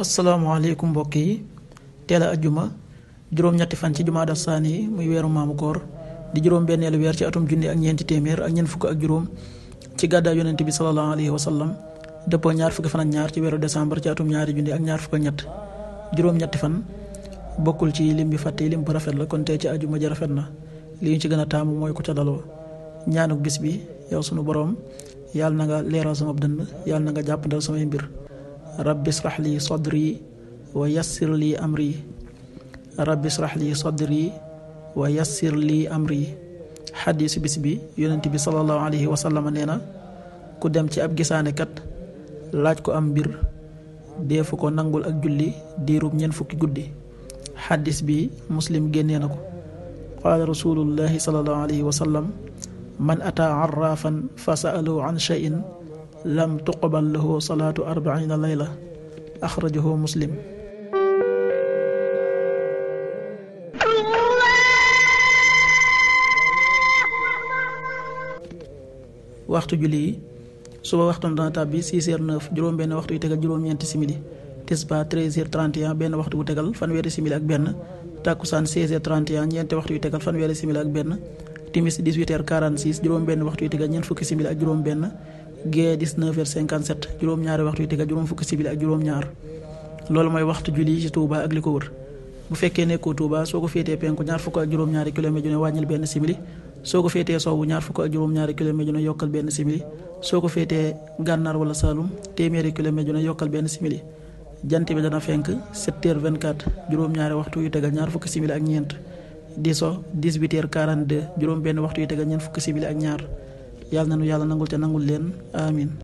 asalaamaaleykum mbokk yi teel a ajjuma juróom-ñetti fan ci jumaada saani yi muy weeru maamu koor di juróom-benneelu weer ci atum junni ak ñeenti téeméer ak ñeent fukk ak juróom ci gàddaay yonent bi salallaahu alayhi wa sallam dëppoo ñaar fukki fan ñaar ci weeru décembre atum ñaari junni ak ñaar fukk ak ñett juróom-ñetti fan bokkul ci lim bi fàtte lim bu rafet la kon tey ci ajjuma ji rafet na li ñu ci gën a taamu mooy ku ca daloo ñaanuk bis bi yow sunu boroom yàlla na nga leeral sama dënn yàlla na nga jàpp jàppandal samay mbir. rabbi israh li sadri wa yassir li amri rabbi israh li sadri wa yassir li amri xaddisu bis bi yonent bi sallallahu alayhi wa sallam ku dem ci ab gisaanekat laaj ko am mbir deefu ko nangul ak julli diirub ñeent fukki guddi xaddis bi muslim génnee na ko qaala rasulullahi sallallahu alayhi wa man ataa arraafan fa sa'alahu an shay'in lam tuqbal lahu salaatu arbaina layla axrajahu muslim waxtu julli yi suba waxtu dana tàbbi 6 heures 9 juróom benn waxtu yu tegal juróom-ñeenti simili tisba 13 heures 31 benn waxtu bu tegal fanweeri simili ak benn tàkkusaan 16 heures ñeenti waxtu yu tegal fanweeri simili ak benn timis 18 heures juróom benn waxtu yu tegal ñeent fukki simili ak juróom benn gee 19 heures 57 juróom-ñaari waxtu yu tegal juróom fukki sibili ak juróom-ñaar loolu mooy waxtu julli ci Touba ak li ko wër bu fekkee nekkoo Touba soo ko féetee penku ñaar fukk ak juróom-ñaari kilomètre yu ne wàññil benn simili soo ko féetee sowwu ñaar fukk ak juróom-ñaari kilomètre yu ne yokkal benn simili soo ko féetee gànnaar wala Saalum téeméeri kilomètre yu ne yokkal benn simili jant bi dana fenk 7 heures 24 juróom-ñaari waxtu yu tegal ñaar fukki simili ak ñeent di so 18 heures 42 juróom benn waxtu yu tegal ñeent fukki simili ak ñaar yàlla na nu yàlla nangul te nangul leen amin